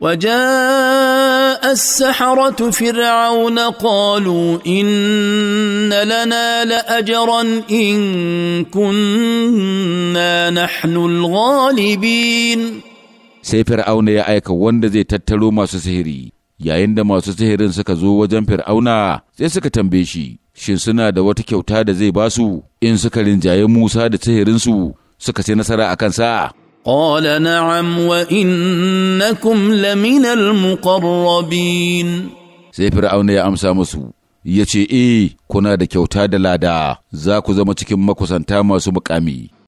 وجاء السحرة فرعون قالوا إن لنا لأجرا إن كنا نحن الغالبين sai fir'auna ya aika wanda zai tattaro masu sihiri yayin da masu sihirin suka zo wajen fir'auna sai suka tambaye shi shin suna da wata kyauta da zai basu in suka rinjaye musa da sihirinsu suka sai nasara a kansa قال نعم وإنكم لمن المقربين sai fir'auna ya amsa musu ya ce eh kuna da kyauta da lada za ku zama cikin makusanta masu mukami